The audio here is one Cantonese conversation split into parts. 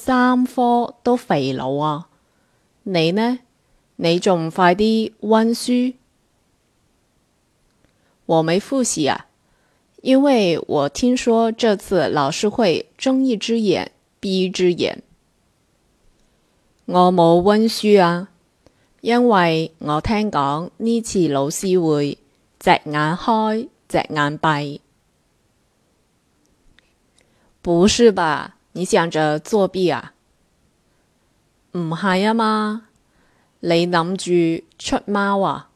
三科都肥佬啊！你呢？你仲唔快啲溫書？我沒複習啊，因為我聽說這次老師會睜一隻眼閉一隻眼。我冇溫書啊，因為我聽講呢次老師會隻眼開，隻眼閉。不是吧？你想着作弊啊？唔係啊嘛，你諗住出貓啊？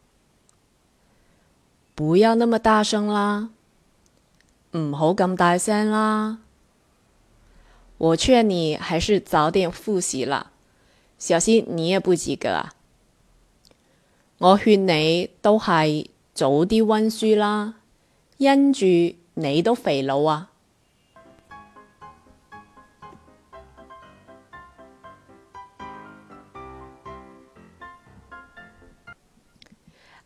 不要那麼大聲啦，唔好咁大聲啦。我勸你還是早點復習啦，小心你也不及格啊。我勸你都係早啲溫書啦，因住你都肥佬啊。